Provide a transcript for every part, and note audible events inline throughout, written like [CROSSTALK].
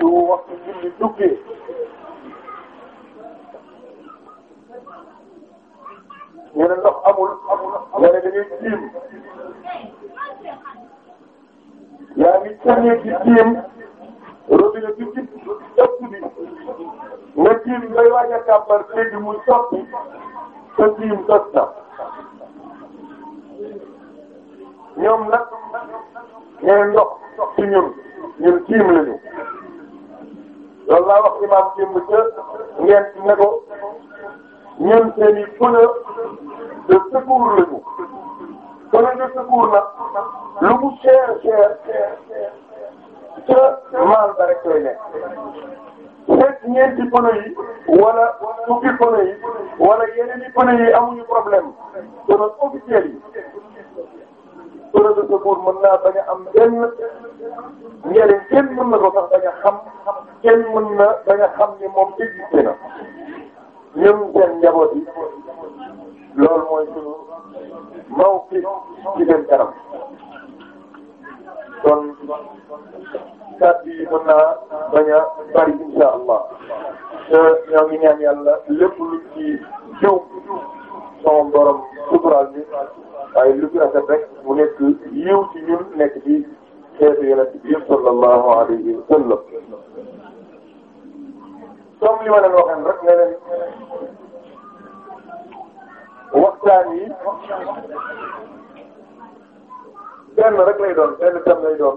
bu waxtu julli duggee ñu ne ndox amul amul nga ne da ngay yaa ngi sañee ci tiim robinet bi ci ëpp bi nga tiim ngay waaj a kàmbar léegi muy soppi sa tiim ñoom nag ne ndox loolu laa wax imam démb ca ngeen ne ko ñoom seen i pneu de secours lañu pneu de secours nag lu mu cher cher ca maal ba rek lay nekk fekk ñeenti pneu yi wala fukki pneu yi wala yeneen i pneu yi amuñu problème pneu eau de secours mën naa bañ a am benn njëriñ kenn mën na ko sax bañ a xam kenn mën na bañ a xam ni moom existé na ñun seen njaboot yi loolu mooy suñu mawqif ci dem kanam kon kàddu yi mën naa bañ a bari insha allah te ñoo ngi ñaan yàlla lépp lu ci jiw sama borom suturaal bi waaye lu ci rafet rek mu nekk yiw ci ñun nekk ci xeetu yonent bi yëpp sallallahu alayhi wa sallam comme li ma leen waxoon rek ne leen waxtaan yi benn rek lay doon benn thème lay doon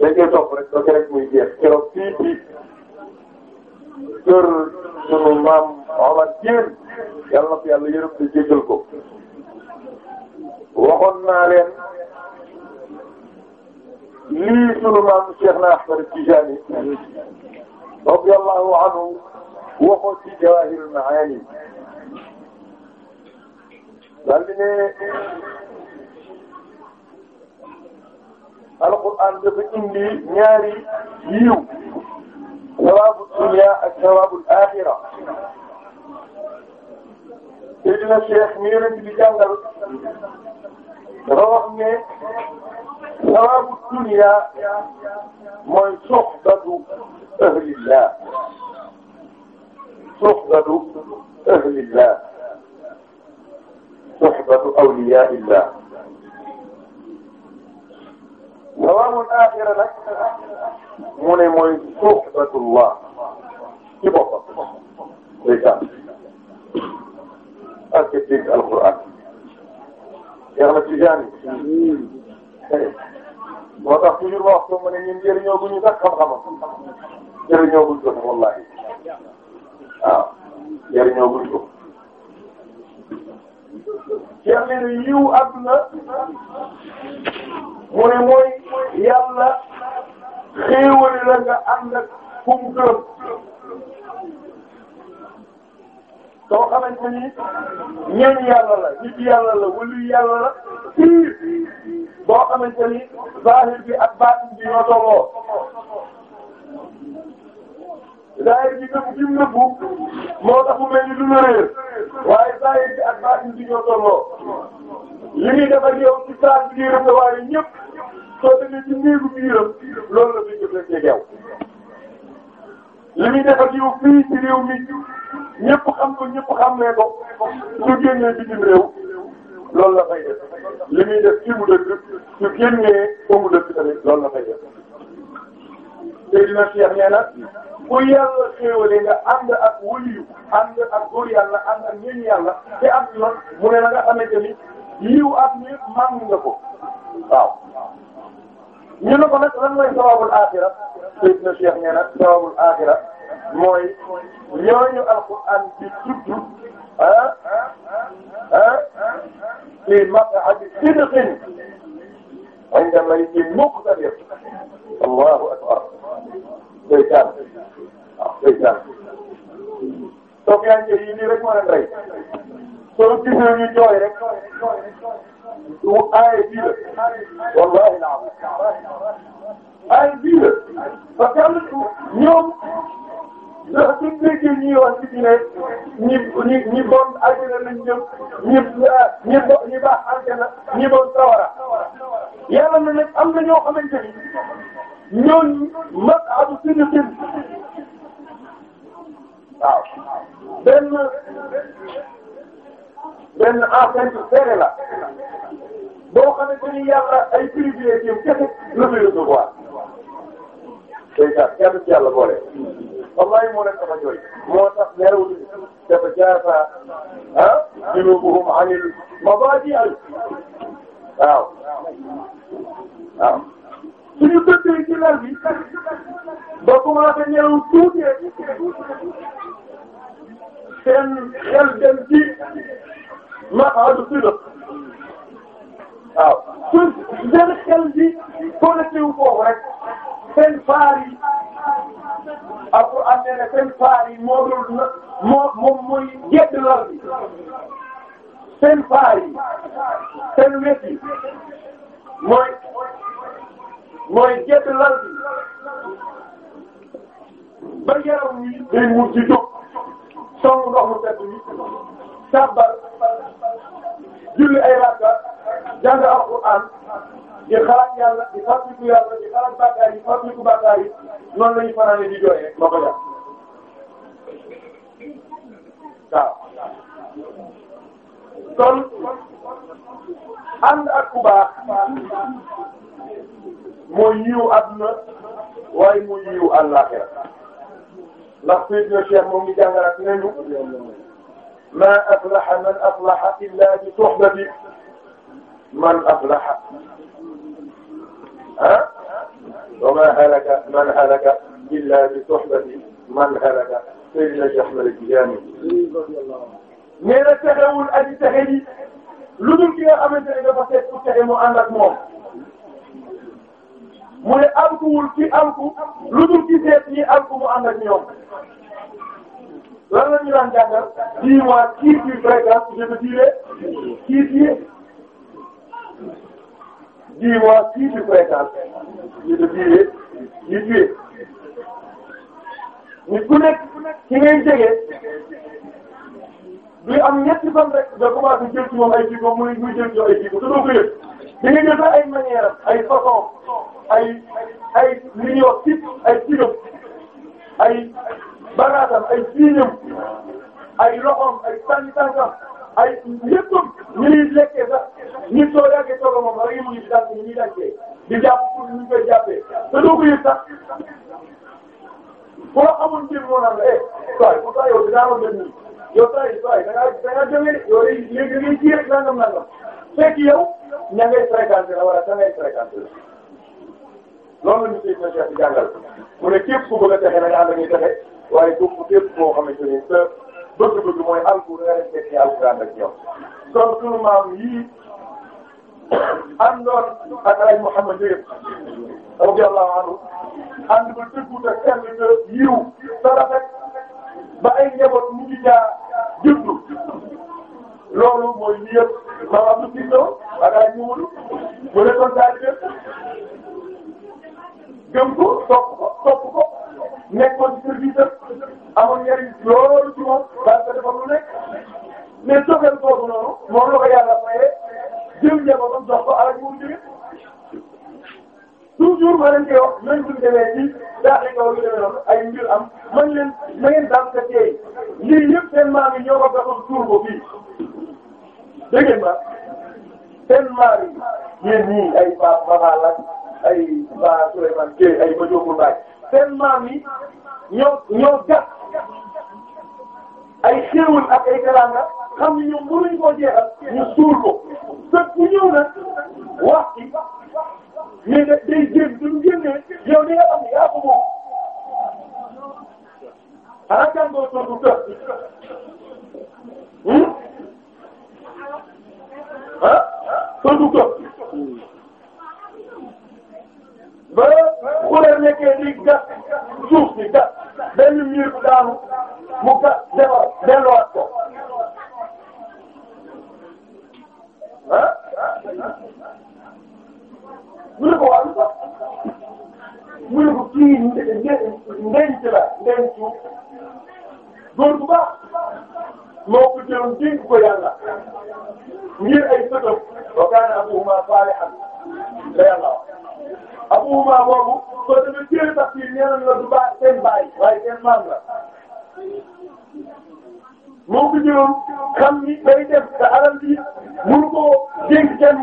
dañ koy topp rek ba rek muy jeex keroog fii ci kër sunu maam Omar Dieng yàlla na ko yàlla yërëm te jéggal ko. waxoon naa leen lii sunu maam Cheikh na Ahmad Tijani radiyallahu anhu waxoon ci Jawahirul Maani daal di ne alquran dafa indi ñaari yiw sawabu dunya ak sawabul axira te dina Cheikh mi yonent bi jàngal dafa wax ne sawabu dunya mooy suxbatu ahlillah suxbatu xam-xamam jëriñoo gul ko nag wallaahi waaw jëriñoo gul ko. Cheikh ne yiw àdduna mu ne mooy la nga ànd ak soo xamante ni ñeent yàlla la nit yàlla la wëlu yàlla la pire boo xamante ni zahir bi ak baatin bi ñoo tolloo zahir bi nëbb bi mu nëbbu moo tax mu mel ni lu la réer waaye zahir ak baatin bi ñoo tolloo li muy def ak yow ci saa bi biiram la waaye ñëpp soo demee ci néegu biiram loolu la muy jëflante yow li muy def ak yow fii ci réew mi. ñëpp xam ko ñëpp xam ne ko su génnee bitim réew loolu la fay def li muy def fi mu dëkk su génnee fa mu dëkk tamit loolu la fay def. Seydina Cheikh nee na ku yàlla xéewalee nga ànd ak waliyu ànd ak góor yàlla ànd ak ñeñ yàlla te am yoon mu ne la nga xamante ni yiw at mi màng nga ko waaw. ñu ne ko nag lan lay sawabul axira Seydina Cheikh nee na sawabul axira mooy ñooñu alquran di tudd ah ah ci maq'adi sidqin inda malikin muqtadir allahu akbar ndeysaan waaw ah, ndeysaan toog yaa ngi yi nii rek moo leen rey soo gisee ñu jooy rek du wallahi naam aaye bii la parce que ndax suñ déggee ñuy wax ci diine ñi ñi ñi bon àjjana lañ jëm ñi ñi bo ñi baax àjjana ñi bon sawara yàlla na nag am na ñoo xamante ni ñooñu mag adu suñu sin waaw benn benn enceinte serré la boo xamante ni yàlla ay privilégiés kese la muy recevoir. day gàtt yàlla boole. wallahi moo leen dafa jooy moo tax neraw li dafa jaasa ah junubuhum anil mabaadi al waaw waaw suñu dëddee ci lal bi ba commencé neraw tuutee seen xel dem ci maqaadu sidq waaw su seen xel di connecté wu foofu rek seen faar alquran nee na seen faar yi moo dul moo moom mooy gedd lal bi seen faar yi seen wet yi mooy mooy gedd lal bi ba yaram wi day mujj di jóg song ndox mu set bi sàbbal julli ay rakka jàng alquran di xalaat yàlla di fàttaliku yàlla di xalaat bàkkaar yi fàttaliku bàkkaar yi noonu la ñuy fanaane di jooyee ma ko jàpp waaw kon ànd ak ku baax mooy yiw àdduna waaye mooy yiw àllaaxira ndax Seydina Cheikh moom ngi jàngalaat nañu ma aflaha man aflaha illa bi suhbati man aflaha ah wa maa halaka man halaka illaa bi suhbati man halaka Seydina Cheikh Ahmad Tijaani nee na texewul aji texe ji lu ki nga xamante ne dafa seet ku texe mu ànd ak moom mu ne alkuwul ki alku lu dul ki seet ñi alku mu ànd ak ñoom lan i ñu daan jàngal dis-moi qui tu je te dirai qui dix mois six mille fréquence ñu def diwee ñu tuye nit ki ngay jege du am ñetti fan rek nga commencé jël moom ay jikko muy muy jël ci ay jikko te doo ko yëg da ngay jël ay manière ay façon ay ay li ñuy wax ci ay sigam ay bagaatam ay siiñam ay ay tànk tànkam ay lépp ñu ngi lekkee sax ñi soo yàggee soog a moom rek ñu ngi si daal ngi lekkee di jàpp pour ñu koy jàppee te doo ko yëg sax boo xamul njëriñ moo naan la eh sooy bu sooy yow dinaa wala da ngay fréquenté la loolu la ñu siy fekk jàngal mu ne képp ku bëgg a texe da ngaa am da ngay texe bëgg-bëgg mooy alxuraan respecté alxuraan ak yow. kon sunu maam yii àndoon ak El Hadj Mouhamed Ndieguene radiyallahu anhu ànd ba dëggu te kenn nga yiw te rafet ba ay njaboot ñu ngi jaar juddu loolu mooy lii yëpp maam Abdou Cissé ak ay ñuul mu nekkoon taalibe gëm ko topp ko nekkoon service amoon njëriñ loolu ci moom daal ko defal lu nekk mais cofeel boobu noonu moom la ko yàlla maye jël njabootam jox ko alal mu jóge toujours ma leen koy wax même bu ñu demee ci daaxi kaw yu demee noonu ay mbir am man leen na ngeen daan ko tey lii yëpp seen maam yi ñoo ko gasoon tuur ko fii dégg ngeen ma seen maam yi yéen ñii ay Ba Babal ak ay Ba Souleymane Gueye ay Madiou Mbaye. seen maam yi ñoo ñoo jàpp ay ak ay teraanga xam ni ñoom mënuñ koo jeexal ñu suul ko te ku ñëw nag wax ci mais da day génn duñ génnee yow li nga ba xureel nekkee di gas suuf si gas benn miir bu daanu mu gas defar delluwaat ko ah mu ne ko wàllu sax mu ne ko kii ndenc la ndencu góor bu baax moo ko jëloon dénk ko yàlla ngir ay sëtëm wa kaana abuhumaa saalihan la yàlla wax amuma boobu soo demee téere sax fii nee nañ la du baax baay waaye seen maam moo ko jëloon xam ni day def te alal bi mënu koo dégg kenn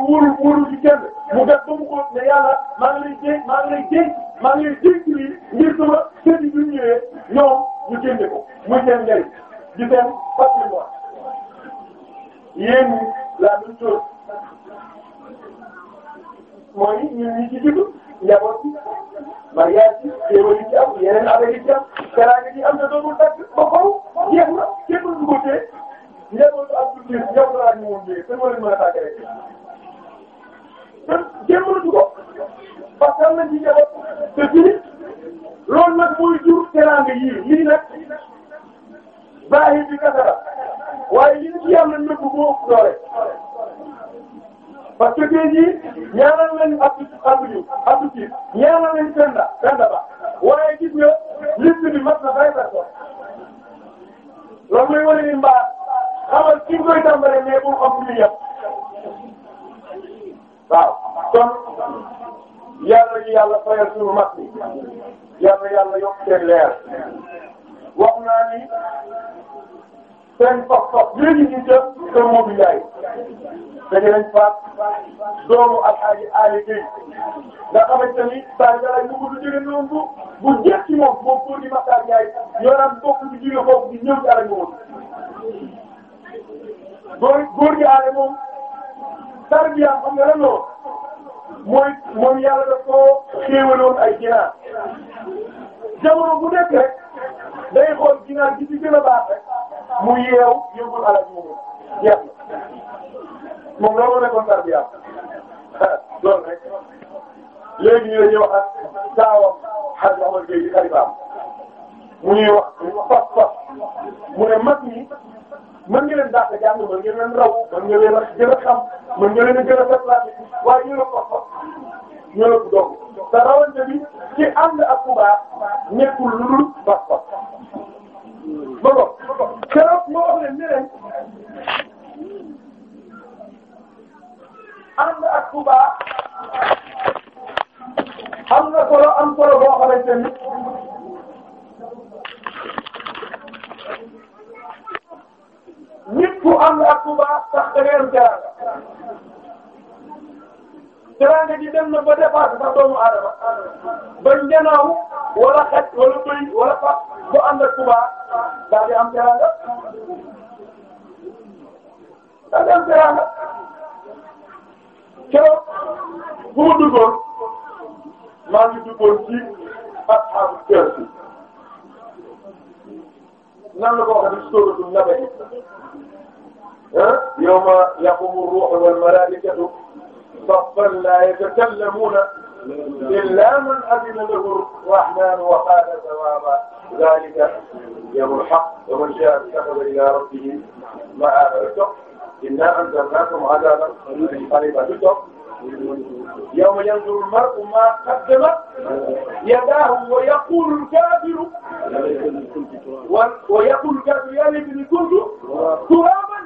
وسلم nit ku am ak ku baax sax da ngay am teraanga teraanga ji dem na ba dépassé sax doomu aadama ba njanaaw wala xaj wala bëy wala sax bu ànd ak ku baax daal di am teraanga daal di am teraanga keroog bu ma duggoon maa ngi duggoon ci ashaabu kahfi nan la ko waxee ci suuratu Naba ah yawma yaqumu ruuhu wal malaa'ikatu saffan laa yatakallamuuna illaa man adina lahu rahmaanu wa qaala sawaaba zaalika yawmul haqq wa man shaa'a ittaxaza ilaa rabbihi ma'aaba yawma yanzuru al-mar'u ma qaddamat yadaahu wa yaqulu al-kaafiru wa yaqulu al-kaafiru yaa laytanii kuntu turaaban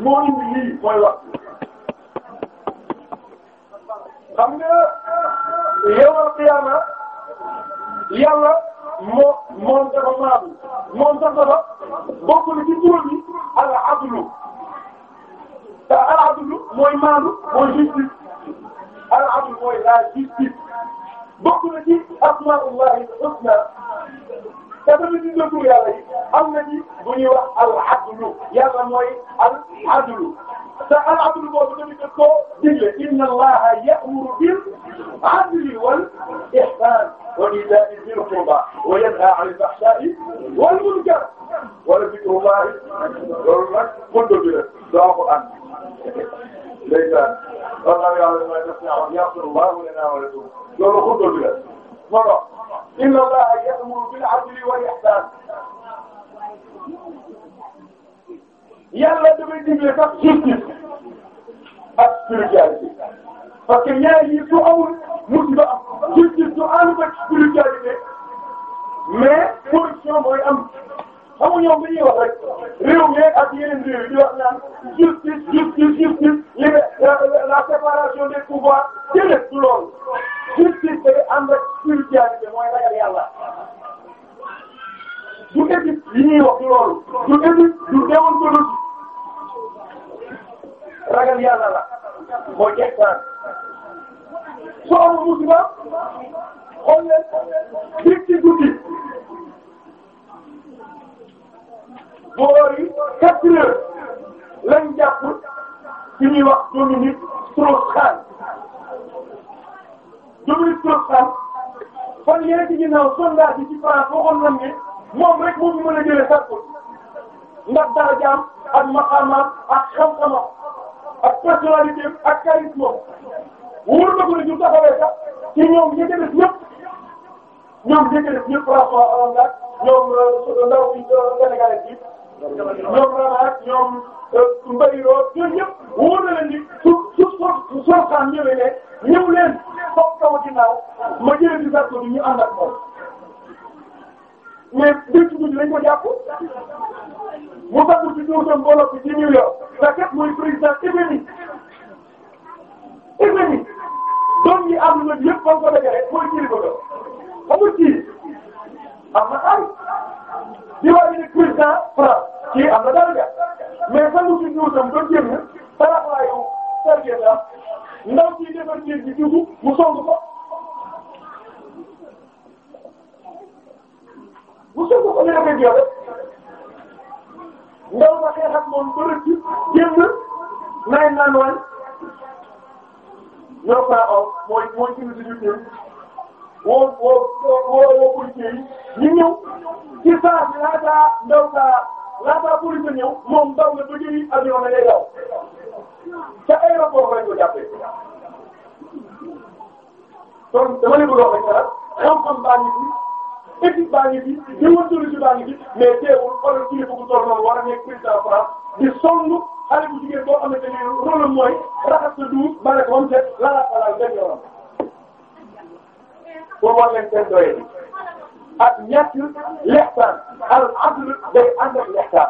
moo indi lii mooy wax xam nga yawmal qiyaama yàlla moo moom dafa maandu moom sax dafa bokkul ci turam yi al adlu te al adlu mooy maandu mooy justice al adlu mooy la justice bokk na ci asma'ullahi al husna te tamit ci dëkku yàlla yi am na ci bu ñuy wax al-adlu yàlla mooy al-adlu te al-adlu boobu tamit da koo digle inna allaha ya'muru bil-adli wal-ihsan wa ita'i dhil qurba wa yanha 'anil fahsha'i wal munkar wa dhikrullahi loolu nag mënta bi la doo ko am léegi daal loolu laa yàlla may def naa wax yaxfir allahu lana wa lakum loolu mënta bi la moro inna allaha ya'muru bil adli wal ihsan yàlla damay digle sax justice ak spiritualité parce que yi su amul musiba am justice su ànd ak spiritualité mais corruption mooy am xamu ñoom dañuy wax rek réew mi ak yeneen réew yi di wax justice justice justice li la séparation des pouvoirs déedéet du loolu discipline day ànd ak spiritualité mooy ragal yàlla du éthique yi ñuy wax loolu du éthique du déontologie ragal yàlla la mooy jeexitaal soo amul musiba xool leen dig ci guddi boori quatre heures lañ jàpp ci ñuy wax Dominique Strauss-Kahn Dominique Strauss Kahn fan yéen ci ginnaaw sondage bi ci France waxoon nañ ne moom rek moo fi mën a jëlee sàkku ndax darajaam ak maqaamaam ak xam-xamam ak personnalité ak charisme wóor na ko ne ñu taxawee sax ci ñoom ñi def ñëpp ñoom ñi def ñëpp François Hollande ñoom euh, ndaw bi euh, ñoom Rana ñoom euh, Mbaye na leen ni su su Sultaan ñëwee ne ñëw leen toog sama ginnaaw ma jëlee ci verbe bi ñu ànd ak moom mais dëkk bi lañ ko jàpp mu fàttali ci ñëw seen mbooloo bi York la kat mooy président FMI FMI doom yi àdduna bi yëpp ba mu ko dajale mooy kii ko doon amul kii am na ay di waa ne président France kii am na daraja mais fàttali ci ñëw seen ba génn serviette ah ndaw si defar néeg bi dugg mu song ko mu song ko léeg-léeg yow rek ndaw ba xeex ak moom ba rëcc génn nine nine one ñoo faa aw mooy mooy ci biir ñun woo woo woo woo policiers yi ñu ñëw ci saa si laataa ndaw saa. laataa police ba ñëw moom daw na ba jëli avion na day daw ca aéroport lañ ko jàppee. kon dama leen bëgg a wax rek xam-xam baa ngi fi équipe baa ngi fi ñëwoon solution baa ngi fi mais teewul xoolal kii bu toll noonu war a nekk président France di song xale bu jigéen boo xamante ne rôle mooy raxas sa dugub ba nekk moom set lalaat xalaat benn yoon. boo war leen seen doyee. ak ñett lextaan al adl day ànd ak lextaan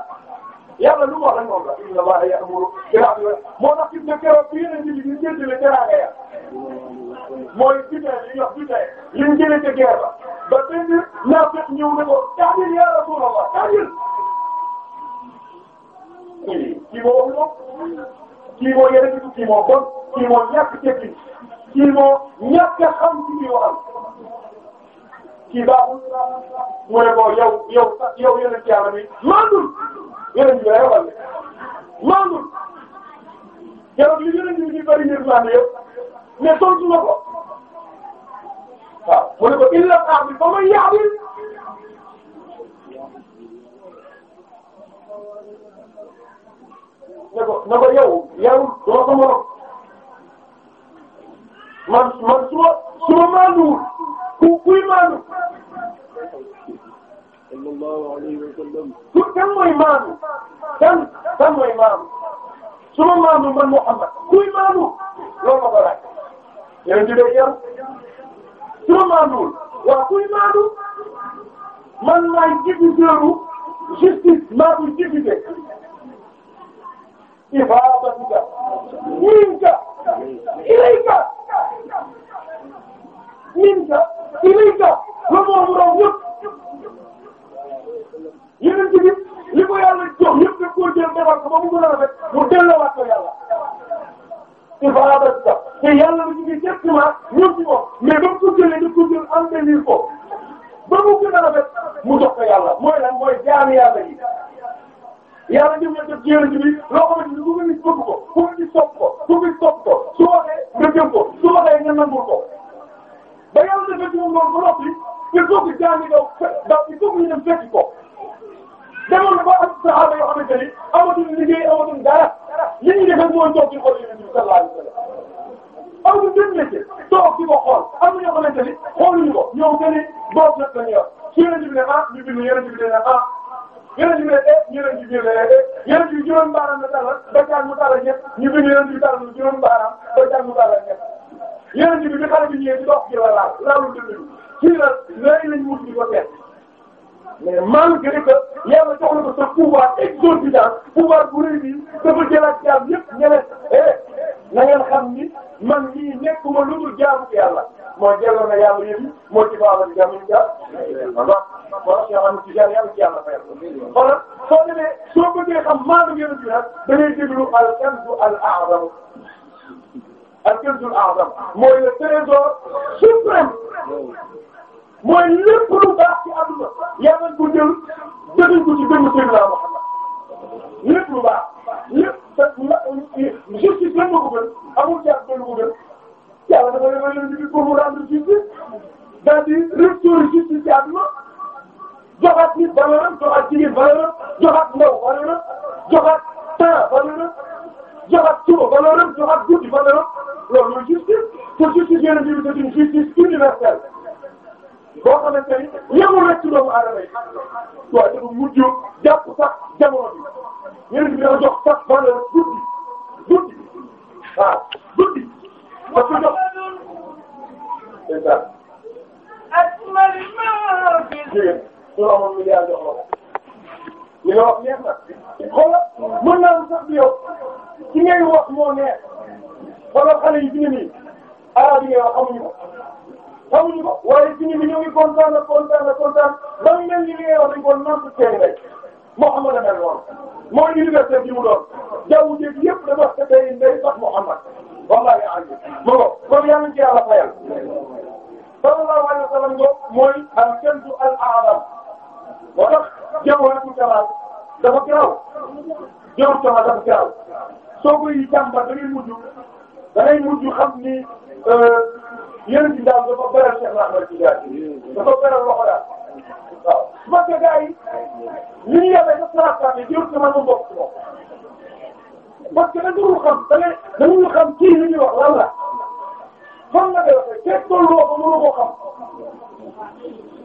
yàlla lu mu wax rek moom la inna a ji li ñu jëndee teraanga ya mooy li ñuy wax butin li ñu jëlee ca guerre ba ba benn naafeq ñëw ne ko ta'dil ya rasulullah ta'dil kii moo wax moom kii moo yële kii moo bon kii moo ñàkk tekki xam ci li waxal kii baaxul mu ne ko yow yow yow yeneen ci yàlla bi maandul yeneen bi lay wàll maandul yow li yeneen bi ñu bari ñëpp maandul yow mais tontu na ko waaw mu ne ko illa aar bi ba ma yaabil ne ko ne ko yow yow doo ko morom man man su ma su ma ku kuy maanu. sallallahu alayhi wa sallam. ku kan mooy maanu. kan kan mooy maanu. suma maanu man Muhammad kuy maanu loolu ma ko laaj. yéen ñu ngi yar. suma maanuwul. waaw kuy maanu. man maay débiteur justice maa ngi débiteur. ibaadatika. ilayka. ilayka. miin ca ci liñ ca la moo waroon yëpp yeneen ci biir li ko yàlla jox yëpp da koo jël defar ko ba mu gën a rafet mu delloowaat ko yàlla. il faut abattre ça te yàlla bu ñu gis exactement ñoom ci moom mais ba mu ko jëlee da ko jël embellir ko ba mu gën a rafet mu jox ko yàlla mooy lan mooy jaami yàlla yi. yàlla jëm na jëm ci yéen a ji loo xamante ni ku ko gis bëgg ko ku ko gis sopp ko ku ko gis ko su waxee nga jëm ko su waxee nga nangul ko. ba yàlla defee ci moom noonu ba noppi il faut que jaani daw daw il faut que ñu dem fekki ko. demoon na ba am saxaaba yoo xamante ni amatuñu liggéey amatuñu dara li ñu defee mooy toog ci xol yi nabi sallallahu alayhi wasallam. amatuñu benn métier toog ci ko xool am na ñoo xamante ni xooluñu ko ñoom dañuy boog nag la ñu yor su yéene ji bi ne ah ñu bind yéene ji bi ne ah. yéen a ji leen eh yéen a ji leen eh, eh. yéen a ji juróom baaraam la tàllal ba caag mu tàllal ñett ñu bind yéen a ji tàllal juróom baaraam ba caag mu tàllal ñett yéen bi bi xale bi ñëwee di dox ci la laal laalul dëgg ci a lay lañ wut di ko teg mais malgré que yàlla jox na ko sa pouvoir exorbitant pouvoir bu rëy bi dafa jëlaat jaam yëpp ñeneen eh na ngeen xam ni man mii nekkuma lu dul jaamu yàlla moo jëloon na yàlla yëpp moo ci baaxal di jaamu jaam. waaw waaw yoo xam ko. kon nag soo demee soo bëggee xam maanaam yéen a ji nag da ngay déglu al-Kanzu al ak Kanzul A'zam mooy le trésor suprême mooy lépp lu baax ci àdduna yàlla nañ ko jël jëlee ko ci benn Seydina Muhammad lépp lu baax lépp justice lan moo ko gën amul jàpp benn ko gën yàlla dafa defal leen di pour mu rendre justice daal di restaurer justice ci àdduna joxaat nit valeur joxaat jigéen valeur joxaat ndaw valeur joxaat temps valeur joxaat suba valeur joxaat guddi valeur loolu mooy justice te justice yeneen yi c'est une justice boo xamante ni yemul rek ci doomu aadama yi waaw dafa mujj sax jamono bi yeneen bi dafa jox sax valeur guddi guddi waaw guddi parce que jox c'est ça. jigéen su ma amoon milliard na xoolal sax bi yow ci ngay wax moo neex. xoolal xale yi fi ne o arabe yi nga xamuñu ko xamuñu ko waaye fi ne nii ñoo ngi kontaan ak kontaan ak kontaan ba mu mel ni li ngay wax dañu ko naan seen rek Mouhamad a mel noonu mooy université bi mu doon jaww ji yëpp dafa fekk day day tax Mouhamad wallaahi alim ma ko kon yaa ngi ci yàlla fayal sallallahu mooy al kanzu al a'zam moo tax jawharatul kamal dafa garaaw jawharatul kamal dafa soo koy jàmbat da ngay mujj da ngay mujj xam ni euh, yéen ci daal dafa beral Cheikh Ahmed Tidiane dafa beral loxo daal ma gëgee ay li ñu yemee sa saraataan yi jël sama nu bokk moom parce que dañu xam da ngay dañu xam kii li ñuy wax lan la fan la koy waxee képp koo loo ko mënoo koo xam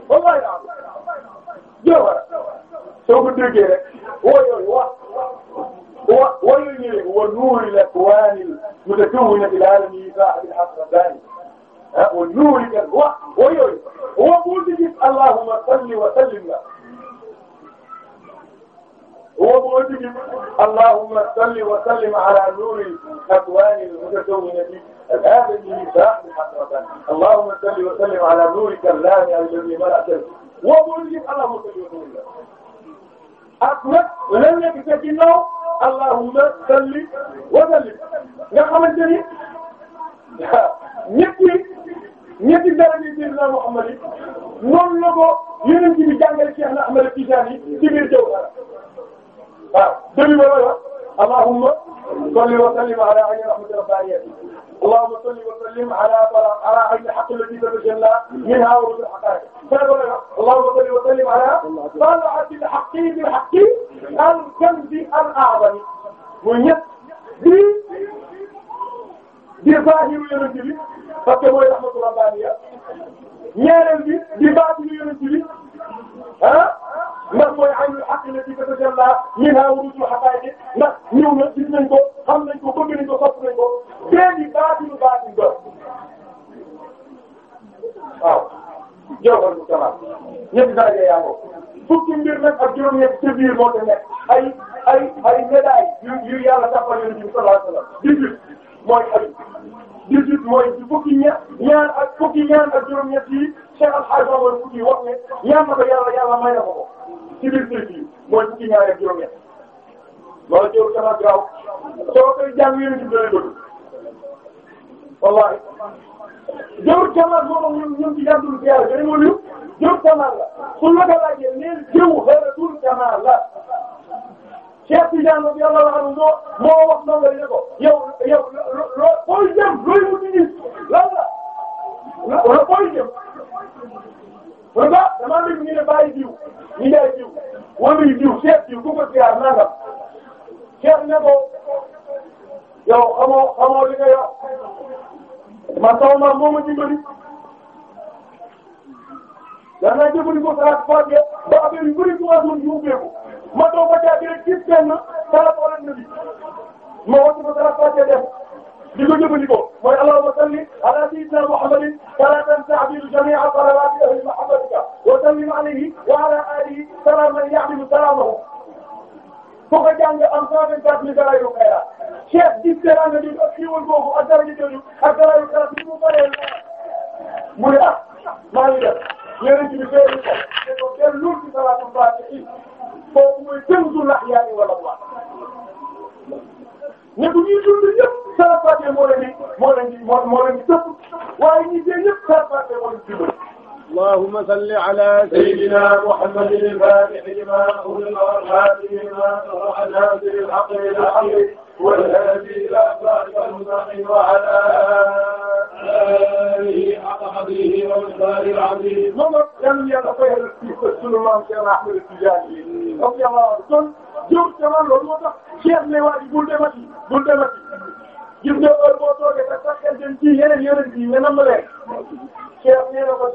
wallaay daal jërë nga وينيره والنور الأكوان المتكونة في العالم إيساء بالحق الثاني والنور هو وينيره هو بودجت اللهم صل وسلم له هو بودجت اللهم صل وسلم على نور الأكوان المتكونة في العالم إيساء بالحق الثاني اللهم صل وسلم على نورك اللامع الذي ملأت وبودجت اللهم صل وسلم له ak nag lan nekk sa ginnaaw allahumma salli wa sallim nga xamante ni ñetti ñetti dara ni Seydina Muhammad yi noonu la ko yeneen ci bi jàngale Cheikh na Ahmad Tijaani yi ci biir Jawhara waaw déglu ma la allahumma salli wa sallim ala ayni rahmati rabbaniyya allahumma salli wa sallim ala ala ayni haqq allati tabayyana minha wurud al-haqa'iq allahumma salli wa sallim ala tal'ati al-haqqi bil haqqi al-kanzi al-a'zam muy ñett di di zaahiru yonent bi parce que mooy rahmatu rabbaniyya ñaareel bi di baatinu yonent bi ah ndax mooy aynul haqq allati tatajalla minha wujuhul haqa'iq ndax ñëw na gis nañ ko xam nañ ko bëgg nañ ko sopp nañ ko dee di baatilu baatil ba waaw jërëjëf Moussa ñëpp daal yaa ko fukki mbir nag ak juróom-ñett ci biir moo ci nekk ay ay ay médailles yu yu yàlla tàmbali yu ñu sallallahu alayhi wasallam mooy ay. dix-huit mooy fukki ña ñaar ak fukki ñaar ak juróom-ñett yi Cheikh Al Hadj Omar Fouti wax ne ñaan na ko yàlla yàlla may na ko ko ci biir kër gi mooy fukki ñaar ak juróom-ñett loolu jël sama gaaw soo koy jàng yéen a ngi doon dund wallaahi jëwul càmmaar moom ñun ñun ci gàddu gi yàlla gën a ñëw jëwul càmmaar la su la ko laajee nee jëw xëy na tuur càmmaar la. Cheikh Tidiane ak yàlla la xam ne moo wax ndongo yi ne ko yow yow loo loo koy jëm looy mu ci gis lan la loo koy jëm. wala ba damaa dégg ñu ne bàyyi jiw ñu jaay jiw wala jiw Cheikh jiw ku ko siyaar nangam Cheikh ne ko yow xamoo xamoo li nga yor man sama maam moo ma dimbali. daan naa jëfandikoo saa ba affaire yu bëri commencé woon ñu ubbeeku. ma doog a jaay rek gis kenn salatu ala nabi ma wàcc ko salatu ala def di ko jëfandikoo mooy allahumma salli ala sayyidina muhammadin salatan ta'dilu jami'a salawati ahli mahabbatika wa sallim alayhi wa ala alihi salaman ya'dilu salamahu foo ko jàngee am 124 mille dara yu xayra chef gis teraanga bi ak xiiwal boobu ak dara yu jëju ak dara yu xalaat bi mu bëree mu ne ah maa ngi def yéen a ngi ci biir ko kenn luul ci salatu fatihi kooku mooy kenn lax yaa ngi wala waa ne bu ñuy dund ñëpp salafate moo leen di moo leen di moo leen di tëpp waaye ñi dee ñëpp salafate moo leen di dimbali اللهم صل على سيدنا محمد الفاتح لما أغلق والخاتم لما سبق الهادي للحق بالحق والهادي إلى صراطك المستقيم وعلى آله حق قدره ومقداره العظيم. ممر لم يتطهر في كل ما كان أحمد التجاري رضي الله عنه. jur jamono loolu moo tax ceeb ne waa ji bul demati bul demati gis nga heure boo toogee ba sax xel dem ci yeneen yeneen yi nga nam leen Cheikh nee na ko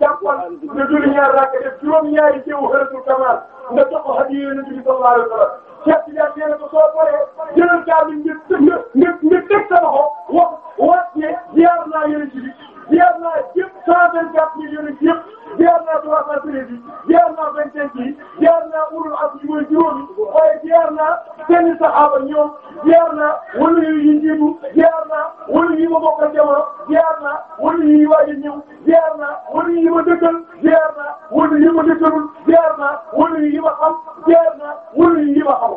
jàppal nga julli ñaar rakk def juróom-ñaari teewu xëratul kamaal nga jox ko hadiya Yonent bi sallallahu alayhi wa sallam Cheikh Tidiane nee na ko soo paree jëlal kaamil nga nga nga teg sa loxo wax wax ne ziar naa Yonent bi jeex naa yëpp 124 millions yëpp jeex naa 313 yi jeex naa 25 yi jeex naa ulul azmi mooy juróomi waaye jeex naa seen saxaaba ñoom jeex naa wala yi jiitu jeex naa wala yi ma bokkal jamono jeex naa wala yi waaj a ñëw jeex naa wala yi ma dëkkal jeex naa wala yi ma dëkkalul jeex naa wala yi ma xam jeex naa wala yi ma xamul.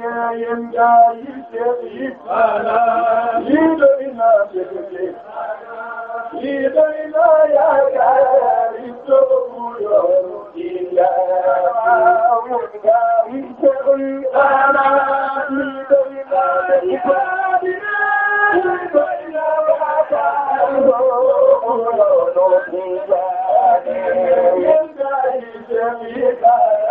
yaayam jaay yi seet yi lii doy na déglu lii doy na yaakaar yi toogu yoon yi yaaw yaay yi seet yi ana lii doy na déglu lii doy na yaakaar yi toogu yoon yi yaaw yaay yi seet yi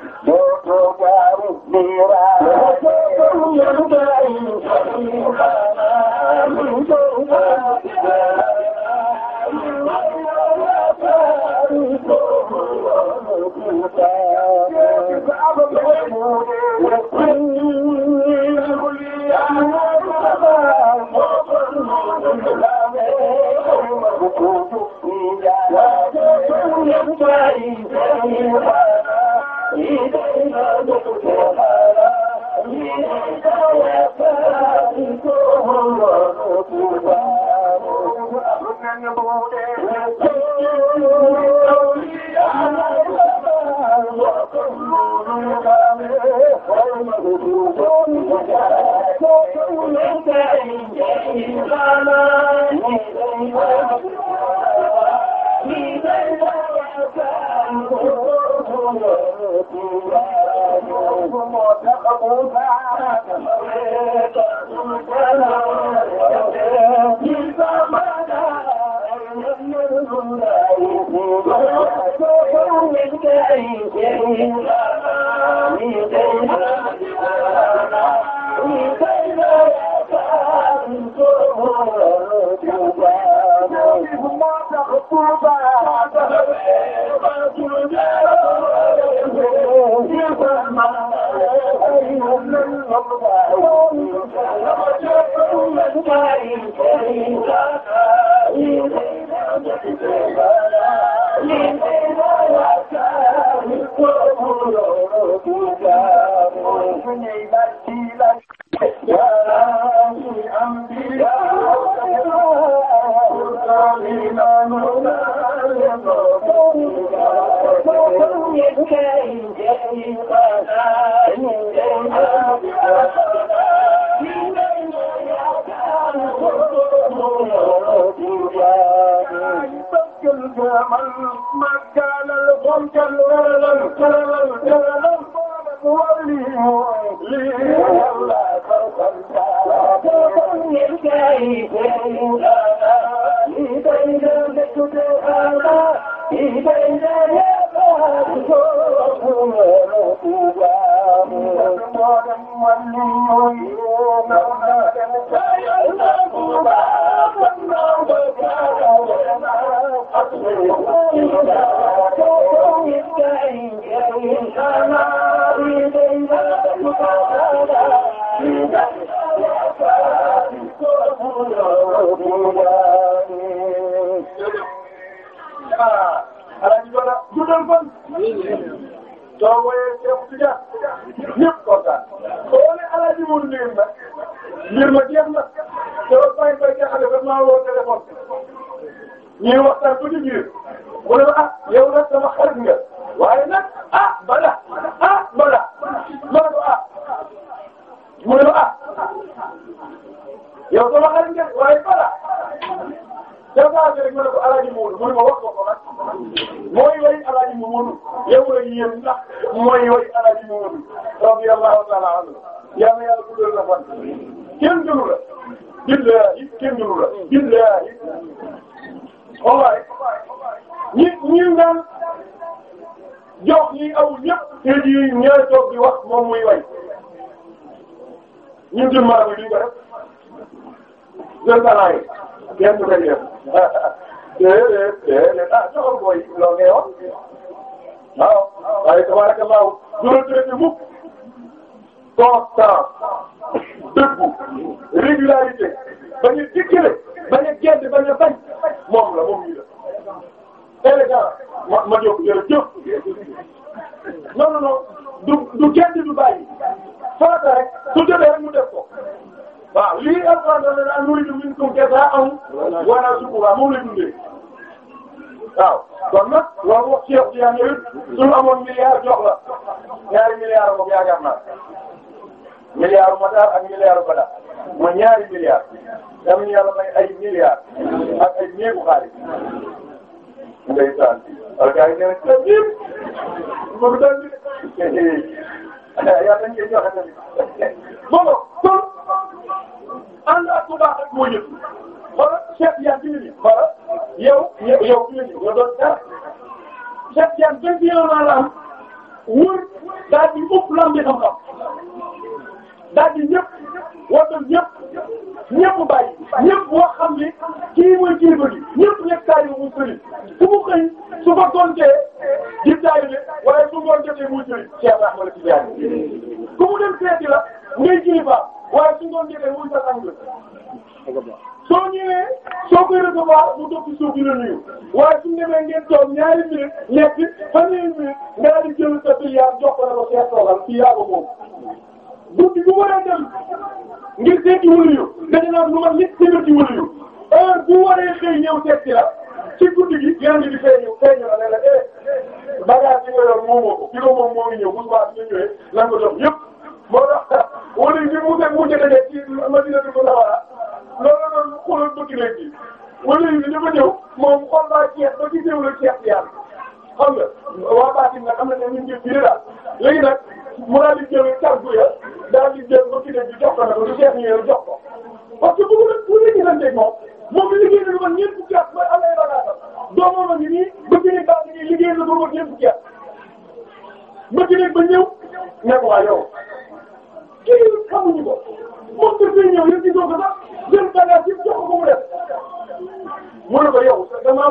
قطبا déedéet déedéet ah joxal booy loo ngay wax waaw waaye tabarakallah juróom-juróom mukk constance dëggu régularité bañ a dikkile a gedd moom la moom ñu def élégant ma ma jóg jërëjëf du du gedd du bàyyi farata rek su mu def ko waaw lii alxuraan dafa ne an nuriidu minkum jazaa'an wa laa shukuuraa moom la dundee waaw kon nag loolu wax ci yow yaa ngi suñu amoon milliard jox la ñaari milliards moom yaakaar naa milliard Matar ak milliard Bada mooy ñaari milliards dama ñu yàlla may ay milliards ak ay néegu xaalis ndeysaan wala gars yi nee nañ ko jiw moom daal di yaa dañ koy joxe tamit [LAUGHS] bon kon ànd ak bu baax ak moo jëm xoolal Cheikh Diagne dina nii xoolal yow yow yow dina nii nga doon dara Cheikh Diagne vingt et un ans la am wër daal di ëpp lam bi xam-xam daal di ñëpp wàllu ñëpp ñëpp bàyyi ñëpp wax xam ni kii mooy kii ba nii ñëpp ñëpp saa yu mu sëriñ su mu xëy su ko tontee di saa yu waaye su ngoon jotee muy sëriñ Cheikh Ahmad Tidiane ku mu dem seeti la ngay kilifa waaye su ngoon jotee muy sa sang soo ñëwee soo koy recevoir mu toog ci suuf di la nuyu waaye suñu demee ngeen toog ñaari minutes ñett fanweeri minutes nga di jël sa billet jox ko na ko seet toogal fii yaa ko moom. guddi bu waree dem ngir seeti waliyu dañu naan lu ma nit seeti waliyu heure bu waree xëy ñëw seet ci la ci guddi gi yaa ngi di feeñu feeñu la ne la eh bagage yi nga yor moomoo ko ki ko moom moo ngi ñëw bu subaa ñu ñëwee lan ko jox yëpp moo tax waliyu bi mu mu njëkk a nekk ci Madina bi mu loolu la doon xoolal bëgg nañ ci wala yi dafa ñëw moom xool ba ceeb ba ci teewlu ceeb bi yàlla xam nga waa Fatick nag am na ñooñu njëkk yu ne daal léegi nag mu daal di jël kàddu ya daal di jël bëgg nañ ci jox ko nag lu ceeb ñëwee jox ko parce que bu ko bu ñu liggéeyanteel moom moom liggéey na lu ma ñeent ba am ay bagaasam doomam a ngi nii ma ñeent ba ñëw ne ko waa yow kii xamuñu moom daf koy ñëw yëpp ci doog a sax jël bagage yëpp jox ko ba mu def mu ne ko yow damaa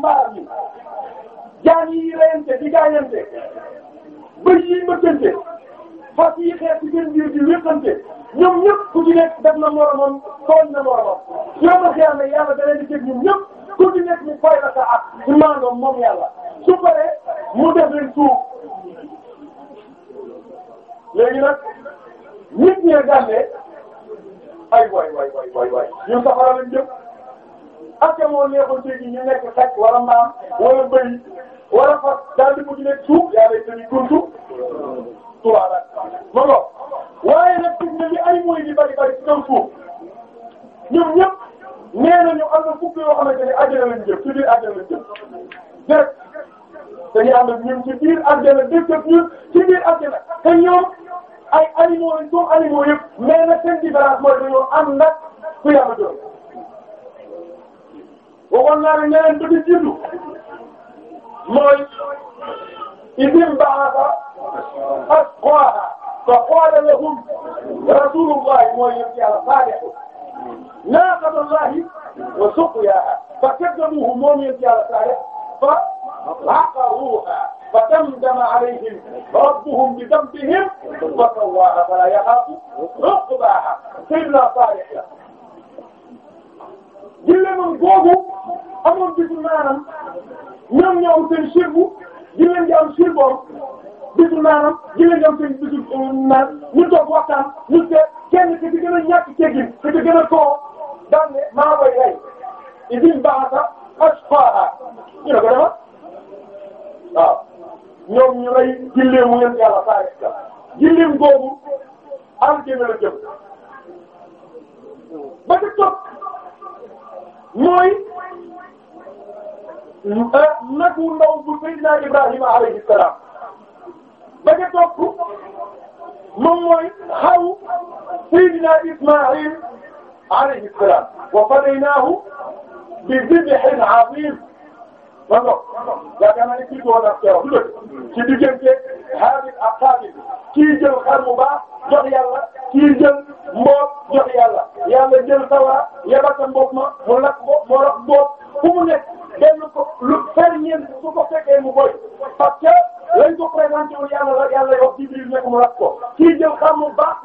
mbaar mi jaan yi reyante di gaañante bëy yi mbëkkante fas yi xeex ci seen biir di wéqante ñoom ñëpp ku ci nekk def na moromam tooñ na moromam yow ma xiyam ne yàlla da leen di teg ñun ñëpp ku ci nekk ñu fay la sa ak ci maandoom moom yàlla su paree mu def leen suuf léegi nag nit ñee gàllee ay way way way way way ñun safara lañ jëm aska moo neexoon tey jii ñu nekk xaj wala mbaam wala bëy wala fas daal di mujj nekk suuf yaa lay tënk guntu tubaab ak ma ngoog waaye nag gis nga li ay mooy di bari bari ci kaw suuf ñoom ñëpp nee nañu am na fukk yoo xamante ne àjjana lañ jëm ci biir su lañ jëm dégg dañuy ànd ak ñun ci biir àjjana dégg ak ñun ci biir àjjana te ñoom ay animaux lañ doon animaux yëpp mais nag seen différence mooy dañoo am nag ku yàlla joxe. waxoon naa ne ñeneen ba di jiitu mooy idim baaxa ak xooxa fa qaala lahum rasulullah mooy yëpp yàlla Saalih naaqatullahi wa suqyaaha fa kaddabuuhu moom yëpp yàlla Saalih fa haqaruuha fa damdama alayhim rabbuhum bi dambihim fa sawwaaha falaa yaxaafu uqbaaha sayyidunaa Saalih la. amoon bisu maanaam ñoom ñoom seen sirbu di leen am sirboom bisu maanaam di leen di am seen bisu eh, naan ñu toog waxtaan ñu seet kenn ki ci gën a ñàkk teggin ki ci gën a too daan ne maa koy rey idil ba'atha ashqaha ñu ne ko dama waaw ñoom ñu rey gilleemu ngeen yàlla saa yëpp la gilleem googu am na la jëm ba ci topp mooy. nag wu ndaw bu Seydina Ibrahima alayhi salaam ba ca topp moom mooy xaw Seydina Ismaïl alayhi wa fadaynaahu bi dibhin azim ma ngoog yaakaar naa ne kii boo naaf teewaat lu dëkk ci diggante Haabil ak Qaabil kii jël xar mu baax jox yàlla nekk. benn ko lu ferñeent su ko fekkee mu boy parce que lañ ko présenté wul yàlla la yàlla wax Jibril nekk mu rat ko kii jël xam mu baax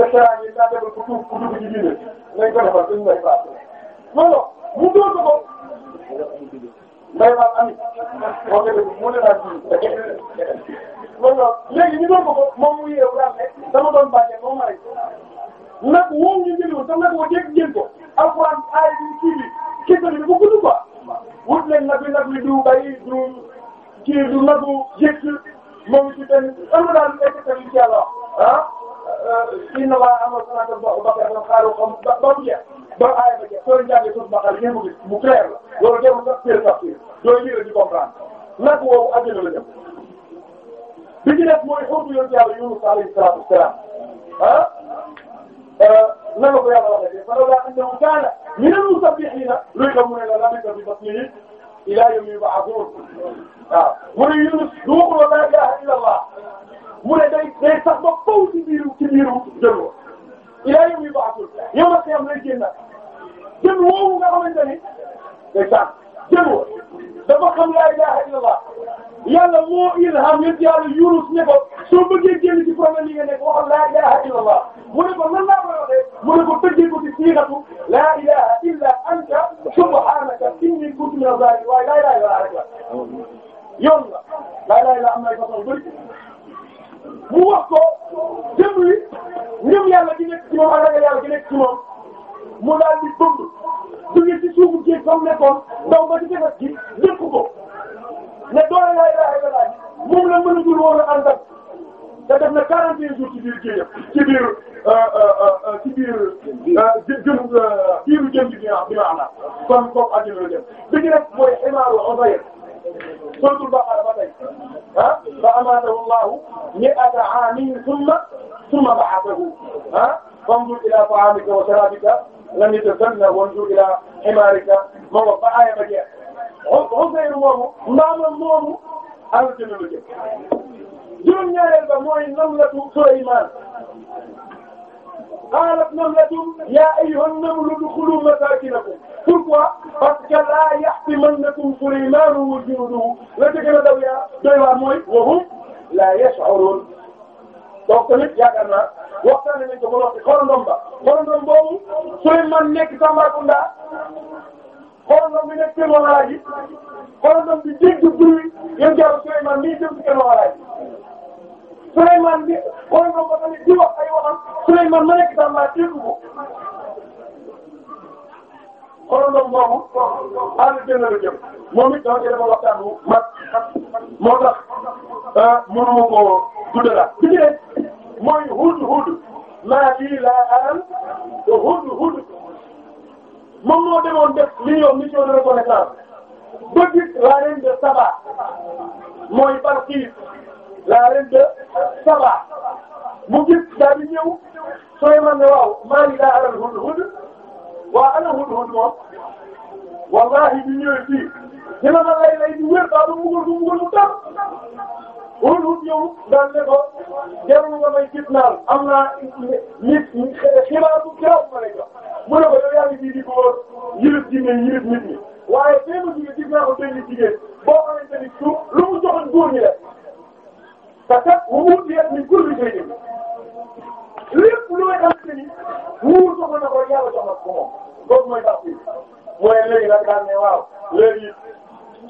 def teraanga yi daa demee ku tuub ku dugg ci diine nañ ko defal suñu mbay baat non non mu dóor ko ko mbay baat amit wax nga dëgg mu ne laa ji non non léegi ñu dóor ko ko moom mu yeewu daal ne sama doon bàjjee moom ma rek nag moom ñu jëliwul sax nag moo jéggi jël ko alxuraan aay bi kii bi képpel bi bu gudd quoi wut leen nag bi nag bi du bay du kii du nagu jëkk moom ci benn am na daal ay képpel yu ci yàlla ah. inna maa amal sanata baqara man xaaru xam ba mu jeex ba aaya ba jeex soo leen jàngee suuf baqara ngeen ko gis bu clair la loolu jarul sax biir tafsir dooy lire di comprendre nag woowu àddina la bi ci def mooy xóotu yoon yàlla Yunus alayhi salaatu wasalaam ah, ah nan la ko yàlla waxee falawlaa annahu kaana minal musabbihiina luy ko mu ne la labisa bi batnihi ilaa yawmi yub'athuun ah, mu ne Yunus du waxul la ilaha illa Allah mu ne day day sax ba faw ci biiru ci biiru jëndoo ilaa yow yi baaxul yow la xeem lay génnaat jën woowu nga xamante ni day sax jëndoo dafa xam laa ilaaha illallah yàlla moo ilham yëpp yàlla Yunus ne ko soo bëggee génn ci problème yi nga nekk waxal laa ilaaha illallah mu ne ko nan laa koy waxee mu ne ko tëjee ko ci siixatu laa ilaaha illa anta subhaanaka inni kuntu mina zaalimin waaye laa ilaaha illallah rek la yoon la laa ilaaha illallah am na ay façon bëri. mu wax ko jëm li ngëm yàlla di nekk ci moom ak ragal nekk ci moom mu daal di dund dugg ci suufu géej ba mu nekkoon ndaw ba di defar ci dëkk ko ne doole laa ilaaha illallaah moom la mënatul woon a ànd ak te def na 41 jours ci biir géej ci biir ci biir jëm biiru jëm bi bi nga xam ne kon kooku àddina la dem bi ci def mooy ximaaru Uzair suratul baqara ba tey ah fa amaatahu Allahu mi'ata aamin summa summa ba'athahu ah fanzur ila ta'amika wa sharabika lam yatasanna wanzur ila himarika ma wax ba aaya ba jeex Useyr moomu mbaamam moomu alal jënd la jëm juróom-ñaareel ba mooy namlatu Sulaymaan qaalat namlatun yaa ayyuhan namlu udkhuluu masaakinakum pourquoi parce que laa yahtimannakum Sulaymaanu wa junuuduhu la ca gën a daw yaa doy waar mooy wa hum laa yash'uruun donc tamit yaakaar naa waxtaanee nañ ko ba noppi xorondom ba xorondom boobu Souleymane nekk Tambacounda xorondom bi nekk Kër Mawaladi xorondom bi dégg bruit yéen jaaru Souleymane nii jëm ci Kër Mawaladi Souleymane bi xool nga ko tamit di wax ay waxam Souleymane ma nekk Tamba dégg ko xoolal moom moomu àll jënd la jëm moom it donc dafa waxtaan wu mag moo tax ah, mënuma koo guddalaat bi ci des mooy hud hud hud hud moom moo demoon def li mission de reconnaissance ba gis la reine Saba mooy partie. la reine Saba mu gis daal di ñëw Souleymane ne waaw maa ngi daa aral Hudhud waaw ana Hudhud moom wallahi bi ñëwee fii dina ma lay di wér ba du mugul du mugul mu tax Hudhud ñëw daal ne ko jarul nga may gis naan am naa nit xibaar bu gaaw ma lay jox mu ne ko yow yaa ngi fii di góor yilif jinne yilif nit ñi waaye fee ma jigéen gis naa ko benn jigéen boo xamante ni lu mu joxoon góor ñi la parce que wuuteeg ni kuréel gi lay lépp lu may xamante ni wuur soxla na ko yàlla soxla ko moom boobu mooy tax bi mooy léegi nag daal ne waaw léegi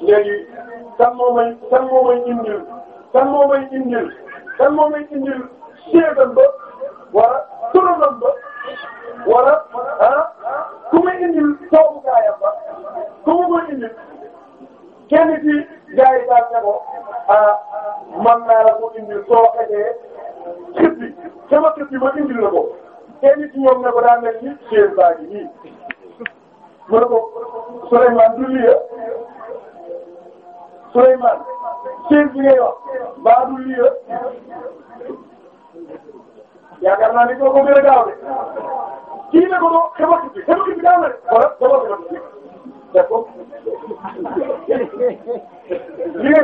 léegi kan moo may kan moo may indil kan moo may indil kan moo may indil seetam ba wala turanam ba wala ah ku may indil soobu kaayam ba ku ma may indil kenn ci. gars yi daal ne ko ah man naa la ko indil soo xëjee xëj bi sama xëj bi ma indil la ko te nit ñoom ne ko daa mel ni chaise baa ngi nii. ma ne ko Souleymane du lii ah Souleymane chaise bi ngay wax baa du lii ah yaakaar naa ni kooku gën a gaaw de kii ne ko doo xëj bi xëj bi daa mel wala doo ko xëj bi. def ko li ngay def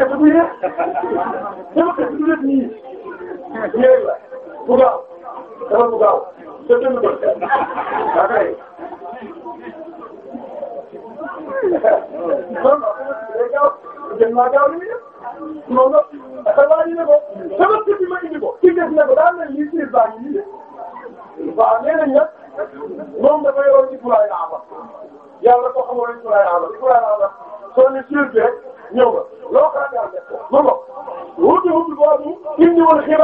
da koy def dama ko du def nii yéen la bu gaaw dama bu gaaw te dama ko daa koy donc day gaaw jël maa gaaw li muy def non non xanaa ñu ne ko sama kër bi ma indi ko kii def na ko daal mel ni lii si baa ngi nii waaw nee nañ nag moom dafa yoroon ci fulaay naa fa. yàlla ko xamoo Ibrahima la Ibrahima la soo ne suul bi rek ñëw nga loo ko ragal def ko ma bokk wuti wuti boobu indi woon xeetu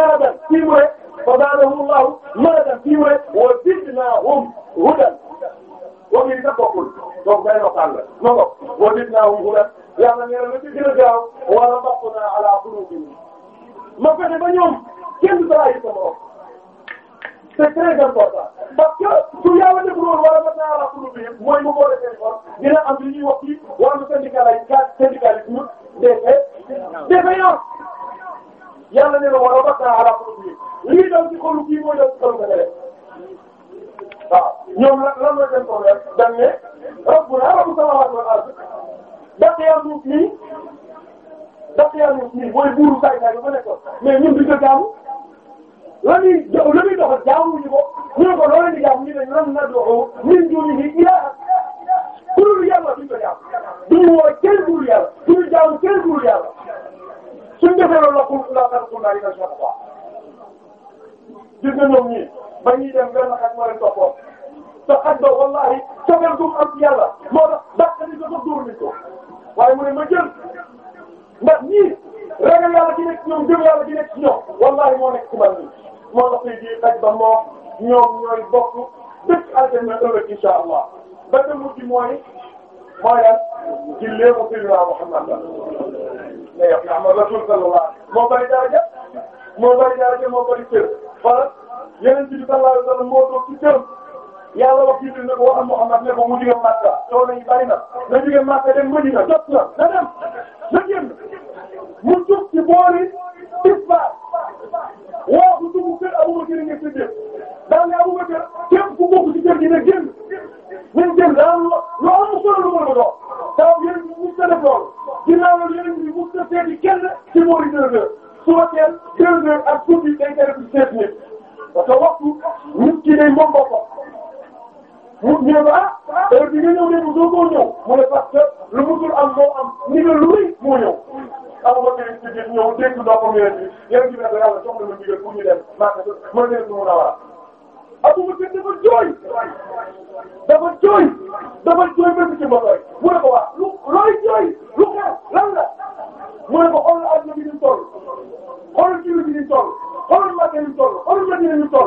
maradan fii mu ne fadaadahum Allahu maradan fii mu ne wa zidnaahum hudan wax yi sax bokkul donc benn waxtaan la ma bokk wa zidnaahum hudan toll xool nga ñu toll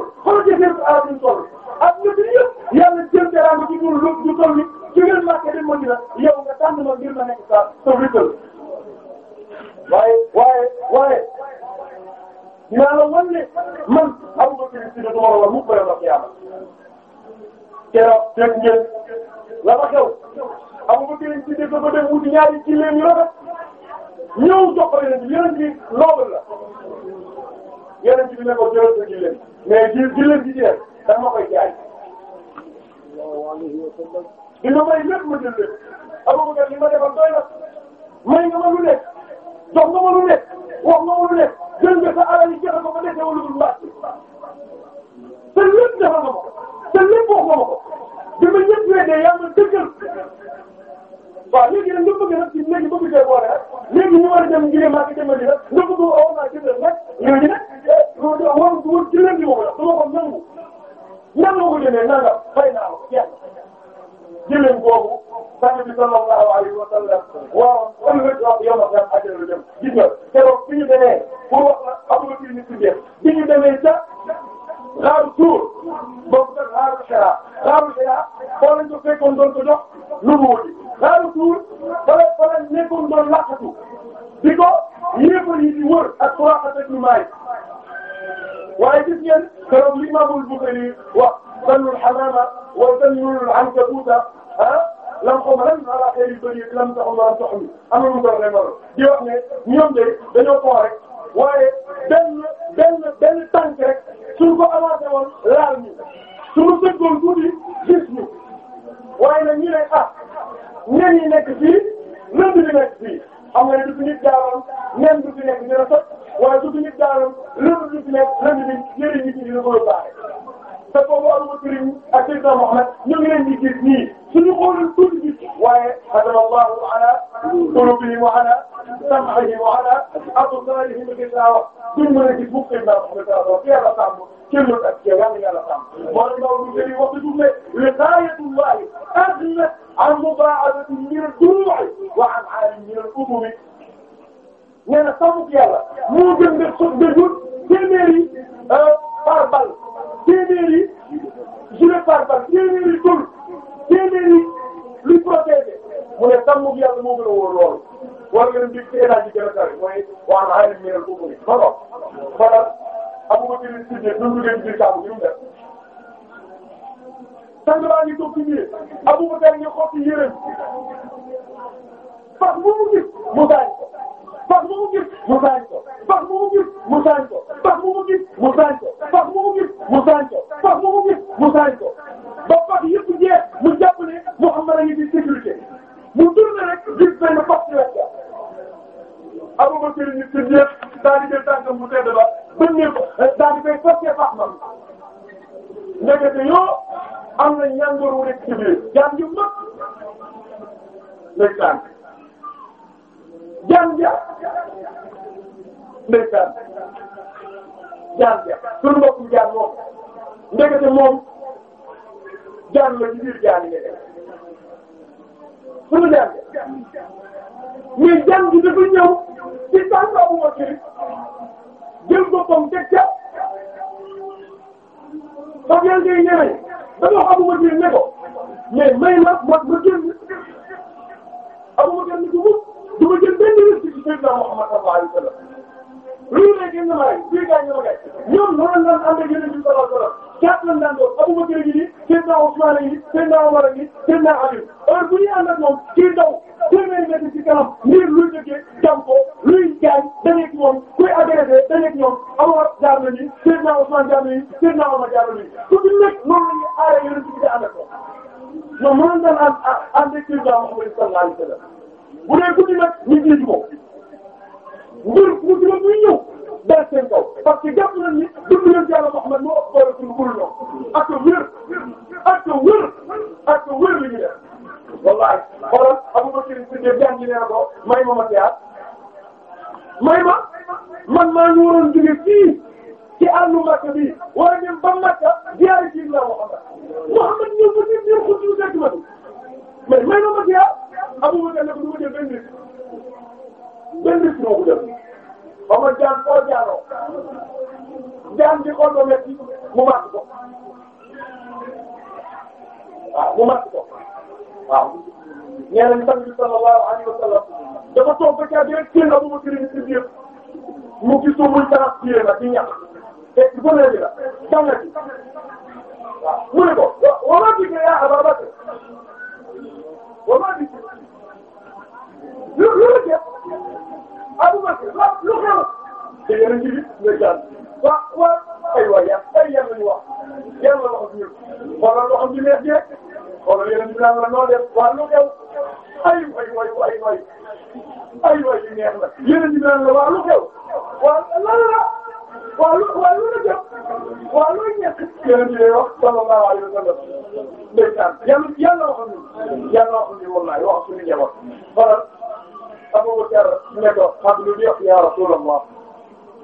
publicité dund leen biir kàddu gi ñu def. sànq laa ngi toog ci biir Aboubacar nga xotti yéreem parce que bu mu gis mu saañ ko parce que bu mu gis mu saañ ko parce que bu mu gis mu saañ ko parce que bu mu gis mu saañ ko parce que bu mu gis mu saañ ko parce que bu mu gis mu saañ ko ba pax yëpp jeex mu jàpp ne Mouhamad a ngi ci sécurité mu tourné rek gis benn pax ci wet Abubakar ñu tuddee daal di jël tànkam bu tedd ba bënnee ko daal di koy sottee Fatma ndekete yoo am na ñàngoor wu nekk ci biir jaan ju mag ndeysaan jaan ja ndeysaan jaan ja suñu mbokku jaan moom ndekete moom jaan la ci biir jaan yi nga def jaan ja mais jàng bi dafa ñëw ci tàngawu ma ci jël boppam teg ba ngeen ngay ñëwee da nga wax Aboubacar ne ko mais may ma ma génn Aboubacar ne du ma jël benn risque ci Seydina Muhammad sallallahu alayhi wa sallam loolu la génn ma rek bii gaañ la ma kay ñoom noonu lañ ànd ak yeneen yu sallallahu alayhi wasallam quatre lañ daan doon Abubakar gi nii seen naa Usmaan gi seen naa Umar gi seen naa Ali heure bu ñuy ànd ak moom kii daw téeméeri mètre ci kanam ngir luy dëggee jam ko luy gaañ dañeeg moom kuy agressé dañeeg ñoom Umar jaar na nii seen naa Usmaan jaar na nii seen naa Umar jaar na nii su bi nekk noonu la ñuy aaree yeneen ci ànd ak moom ñoom noonu lañ daan ànd ak kii daa Muhammad sallallahu alayhi wasallam bu dee guddi nag ñu jiitu ko nguur bu gën a muy ñëw dara seen kaw parce que jàpp nañ ni dund leen yàlla Muhammad moo ëpp doole suñu nguur ñoom ak wér ak ma matière may ma man maa ñu waroon ci àllu Makka bi wala ñun ba Makka jaaree ci la Muhammad Muhammad ma matière benn bés moo ko def ba ma jaan koo jaaroo jaan bi xool ba métti mu màtt ko waaw mu màtt ko waaw. ñeneen tamit sallallahu alayhi wa sallam dafa toog ba caa bi rek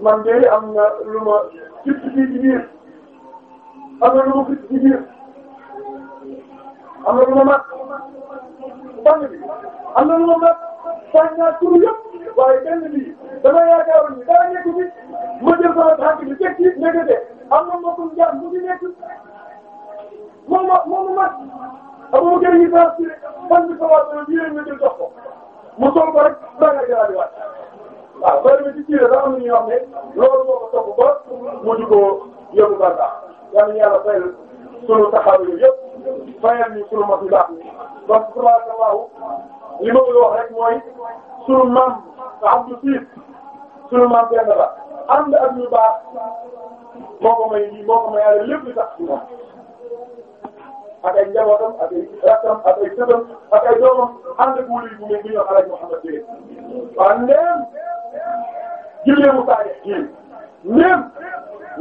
man de am na lu ma fii ci biir am na lu ma fii ci am na lu ma mat am na lu ma mat fànn naa tur yëpp waaye benn bi dama yaakaaroon ni dara nekk bi ma jël sama tànk bi teg ci nekkate am na mbokku njaam mu ngi nekk moom ma moom ma mat amuma kër yi fan bi sama wàllu yéen a jël jox ko mu soog ko rek ba nga jëlaat waaw soo demee ci kii daa am lu ñuy wax ne loolu moo ko topp ba mujj koo yóbbu bantaax yal na yàlla fayal sunu taxaw yooyu yëpp fayal ñu sunu mos yu baax donc subhaanallaah li ma bëgg a wax rek mooy sunu maam Abdou Ciss sunu maam benn la ànd ak ñu baax moo ko may moo ko may lépp li tax ci moom. ak ay njabootam ak ay rakkam ak ay sëtam ak ay doomam ànd ak wóor yi bu ngeen ñëw Alaaji Muhammad mu Sadio kii ndéem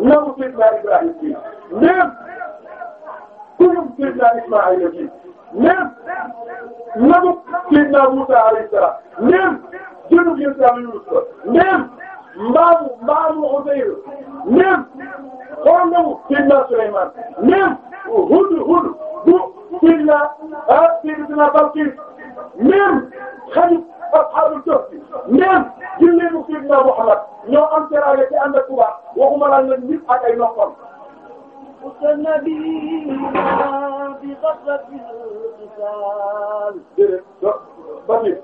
nangu Seydina Ibrahima kii ndéem turum Seydina Ismaïla kii ndéem nangu Seydina Moussa alayhi salaam ndéem jëndu mbaamu mbaamu Usayr même xool na mu Seydina Sulaymaan même Hud Hud bu Seydina ah Seydina Balqiis même xarit ashaabul Kahf même jëleenu Seydina Muhammad ñoo am teraanga ci ànd ak Tuubaa waxuma la nag nit ak ay noppam. ba biir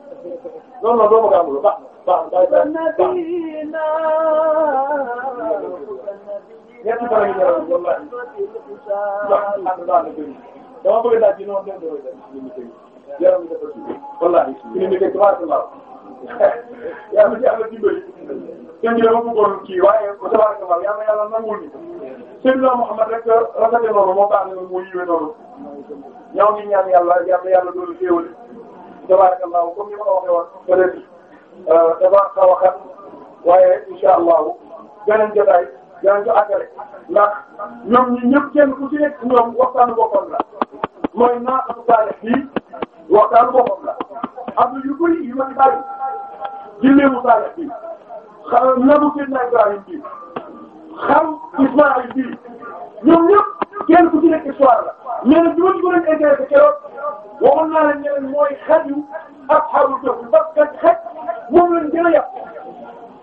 non non doo ma gàmbuloo baax baax baax baax ñetti fan yi ñëw ñoom laaj ñoom ànd naa la bëri dama bëgg daal di noonu delloo yaram bi dafa suuf wallaahi suñu liggéey tabarakallah yàlla yàlla dimbali sëñ bi dama bëggoon kii waaye tabarakallah yàlla yàlla nangul ni sëñ bi Muhammad rek rafetee noonu moo baax ne moo yiwee noonu ñoo ngi ñaan yàlla yàlla yàlla doolu xéewal tabarakallahu comme ni waxee woon peut être dafa xaw a xat waaye incha allahu beneen jotaay dinañ ko àggale ndax ñoom ñun kenn ku ci nekk ñoom waxtaanu boppam la mooy naa am taalif bii waxtaanu boppam la am yu bëri yu may bàyyi jëleemu taalif bii xaw nabu Seydina Ibrahim bii xaw Ismaïl bii ñoom ñëpp. kenn ku ci nekk histoire la mais nag bi ma ci ko doon intéressé keroog mooy xaj yu asxaabul kahf parce que xaj moom lañ gën a yàq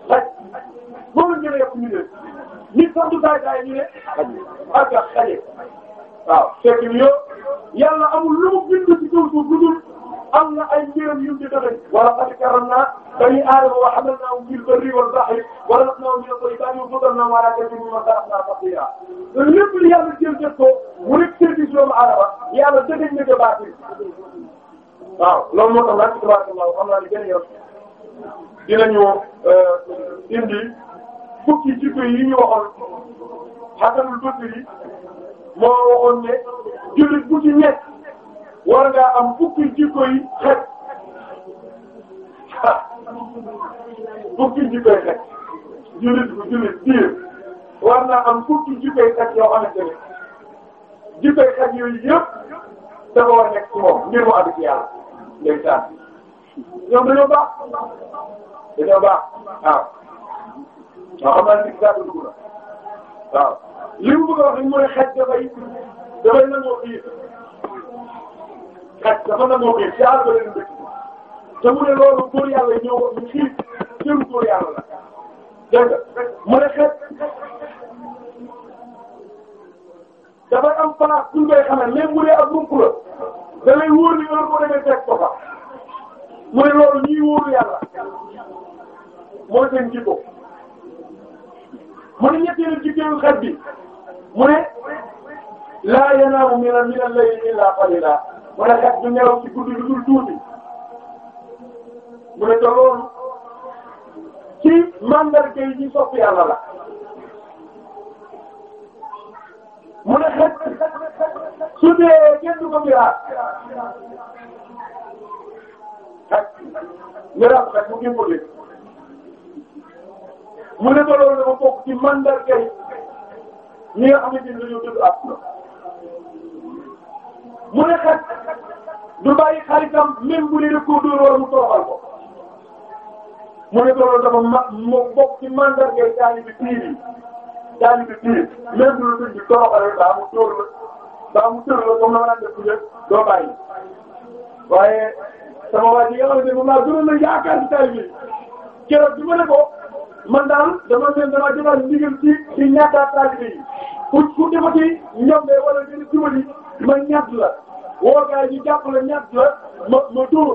xaj moom lañ gën a yàq ñu ne nit sax du taay taay amul lu mu bind ci kaw suuf lu am na ay njëriñ yu ñu defee wala qad karramnaa banii aadama wa hamalnaahum fil barri wal bahri wa razaqnaahum minal tayyibaati wa faddalnaahum alaa kathiirin mimman xalaqnaa tafdiilaa lépp li yàlla jël def ko mu nekk service doomu aadama yàlla dëgg nga baat yi waaw loolu moo tax nag tabarakallah xam naa ne benn yoon dinañu euh, indi fukki jikko yi ñu waxoon Hasanul Basri moo waxoon ne jullit bu ci nekk. war ngaa am fukki jikko yi xet fukki jikko yi xet jullit bu jullit biir war naa am fukki jikko yi xet yoo xamante ne jikko yi xet yooyu yëpp dafa war a nekk ci moom ngir mu àgg ci yàlla léegi saa ñoom dañoo baax dañoo baax waaw. waaw xam naa ni saa dugg na waaw li mu bëgg a wax rek mooy xet dafay dafay nangoo xiir xaj dafa nangoo koy jaar ba leen dëkk te mu ne loolu góor yàlla ñëw ba la dégg nga mu ne xaj dafay am place bu ñu koy xamee même bu dee ak mën la da lay wóor ni heure boo demee fekk ko fa mu ne loolu ñuy wóor yàlla mooy seen jikko mu ne ñetteelu jikko xaj bi mu ne laa yanaamu mina mina al wala kat ñu nelaw ci guddi lu dul tuuti mu ne te loolu ci mandarga yi ci sopp yàlla la mu ne xet su ko miraas xet miraas xet mu gën ko dégg mu ne te loolu dafa bokk ci mandarga yi ñi nga xamante ni mu ne kat du bàyyi xaritam même bu dee ko dóor wala mu toroxal ko mu ne loolu dafa ma moo bokk ci mandarga yi taalibe piir yi taalibe piir même bu dul mu dóor la baa mu tër la comme la ma daan def bu njëkk doo bàyyi waaye sama waa ji nga xamante ne moom laa gënoon a yaakaar ci taalibe keroog bi ma ne ko man daal dama leen dama jëlaat ndigal ci ku ku defati ñombee wala ngeen jubali ma ñatt la woo gaa yi jàpp la ñatt la ma ma dóor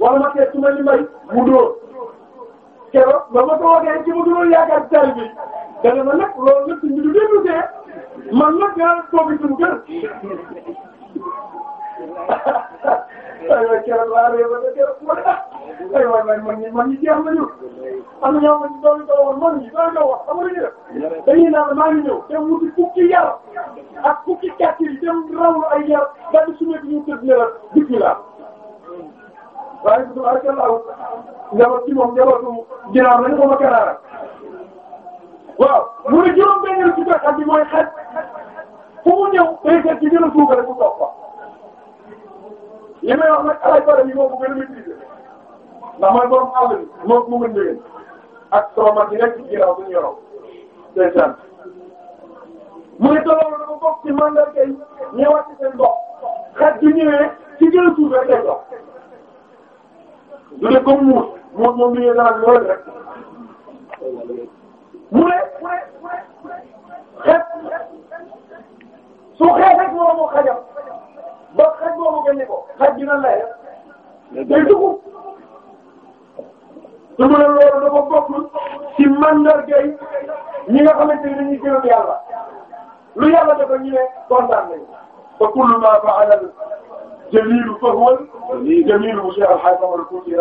wala ma seet su ma li may mu dóor keroog ba ma ko wootee ci ma gënoon yaakaar taal bi dana ma nag loolu lépp ñu du déglu see man nag aywa keroog laa réew ak keroog ku bëri ah aywa man man man ñu jeex nañu am na ñoo xam ne doon ko wax man ñu doon ko wax amuñu def dañuy naan maa ngi ñëw te wuti fukki yar ak fukki kàtt yi dem rawlu ay yar daal di suñu ñu tëdd ne la bismillah waaye du ak laaw njaboot ci moom njabootu ginnaaw nañu ko ma karaara waaw mu ne juróom-benn bi mooy xaj fu mu ñëw day seet ci gën a suuf rek mu toog fa li yi moo ko gën a maîtriser ndax mooy borom gën dégg ak soxna bi nekk ci ginnaaw suñu yoroo ndeysaan mu ngi tolloon dafa bokk ci mandarga yi ñëwaat ci seen bopp xaj bi ñëwee ci gën a suuf rek day dox lu ne comme muus moom moom li ñu daan lool rek mu ne jamilu fahuwa jamilu monsieur Alhaji Mamadou Koutié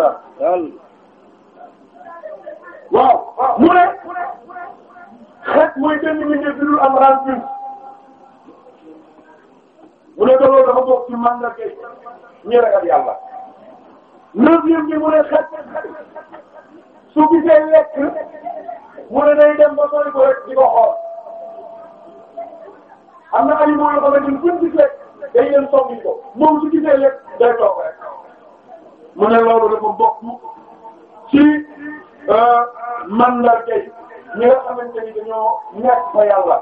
waaw mu ne xet mooy benn mindeef bi dul am rancune mu ne loolu dafa bokk ci mandarga ñi ragal yàlla. neuvième bi mu ne xet su gisee lekk mu ne day dem ba sori ko rek di ko xool am na animaux yoo xamante ni buñ day leen soog di ko moom su gisee lépp day toog mu ne loolu dafa bokk ci euh, mandarga yi ñi nga xamante ni dañoo nekk fa yàlla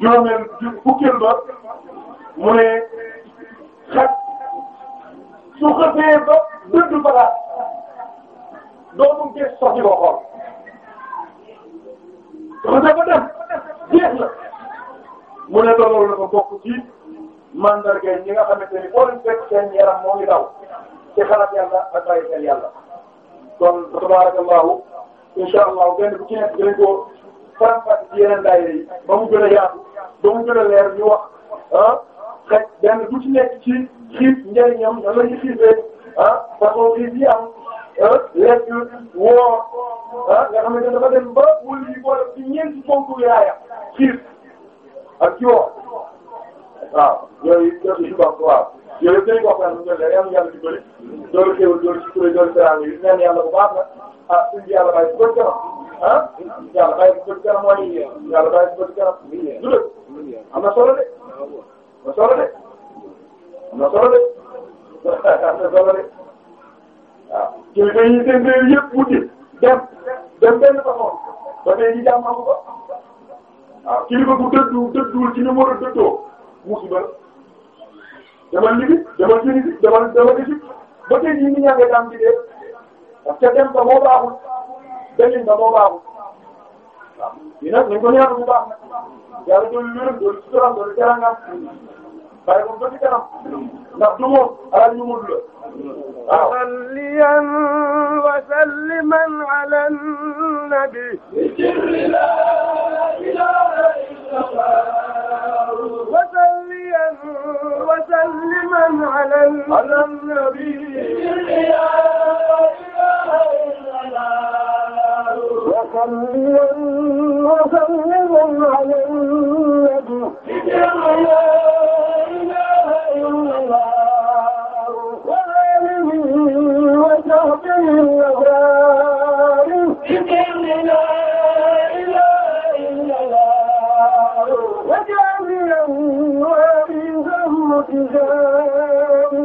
juróomeel fukkeel ba mu ne xet su xasee ba dëgg balaat doomu gees soxla ko xool su xasee dem jeex la mu ne loolu dafa bokk ci. mandarga ñi nga xamante ni boo leen fekk seen moo ngi daw ci xalaat yàlla ak bàyyi kon tabarakallahu insha allah benn bu ci nekk dañ ko faram-fàcce ci yi ba mu gën a ba mu gën a leer ñu wax ah xëy benn bu ci nekk ci xiif njëriñam nan la ñu xiifee ah façon xiif yi am ah lekk woor ah nga xamante dafa ba wóor yi boole ci ñeenti ponk waaw yooyu yooyu bokk waaw yooyu yëpp dañu bokk daal ñu doon yàlla yàlla di bëri doole xéwal doole ci kuré doole sera yi neen yàlla bu baax la ah suñu yàlla bàyyi bu bëri kanam ah yàlla bàyyi bu bëri kanam mooy yàlla bàyyi bu bëri kanam du dëkk am na solo de am na solo de am na solo de am na solo de waaw yooyu dañuy seen réew yëpp wuti dem dem benn façon ba tey ñu jàmm amu ko waaw kilifa bu dëddu dëdduwul ci ni mu war a dëddoo musiba demal Libye demal Tunisie demal demal Égypte ba tey jii ñu ñàkkee daan ci dee parce que dem ba moo baaxul benn ba moo baaxul waaw ñu nag nañ ko ñaan bu baax yàlla doon wéram doon suturam doon terangam bàyyi ko ba ci kanam ndax du moom alal ñu mënul la waaw. صليا وسلما على النبي. وصليا وسلما على النبي لا إله إلا الله وصليا وسلما على النبي لا إله إلا الله وآله وصحبه وسلم الحجاب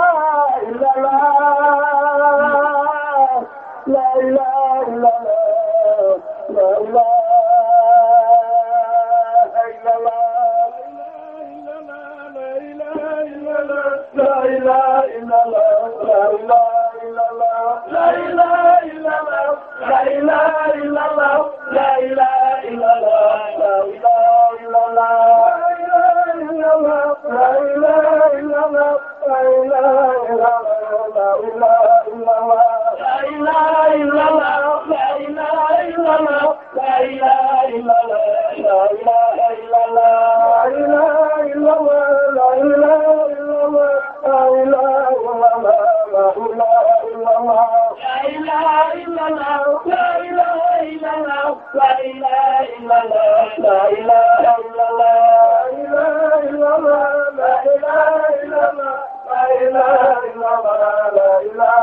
la ilaha illallah la ilaha illallah la ilaha illallah la ilaha illallah la ilaha illallah la ilaha illallah la ilaha illallah la ilaha illallah لا إله إلا الله لا إله إلا الله لا إله إلا الله لا إله إلا الله لا إله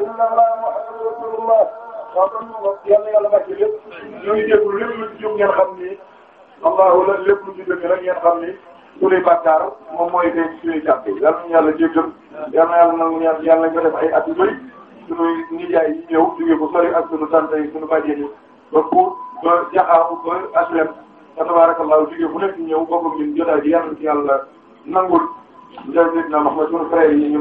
إلا الله محمد رسول الله xam nga yàlla yàlla màcc lépp ñooy déglu lépp lu ci jóg ngeen xam ni allahu la lépp lu ci jóg rek ngeen xam ni suñuy bàkkaar moom mooy tey suñuy jàpp yi yàlla nañu yàlla jéggal yàlla yàlla nangu yàlla nga def ay at yu bëri suñuy nijaay yi ñëw jóge ko sori ak suñu tante yi suñu bàjjen yi ba pour ba jaxaaw ba aslem fa tabarakallahu jóge bu nekk ñëw bokk ak ñun jotaay bi yàlla ci yàlla nangul njëriñ li ñu naan wax ba suñu frère yi ñoom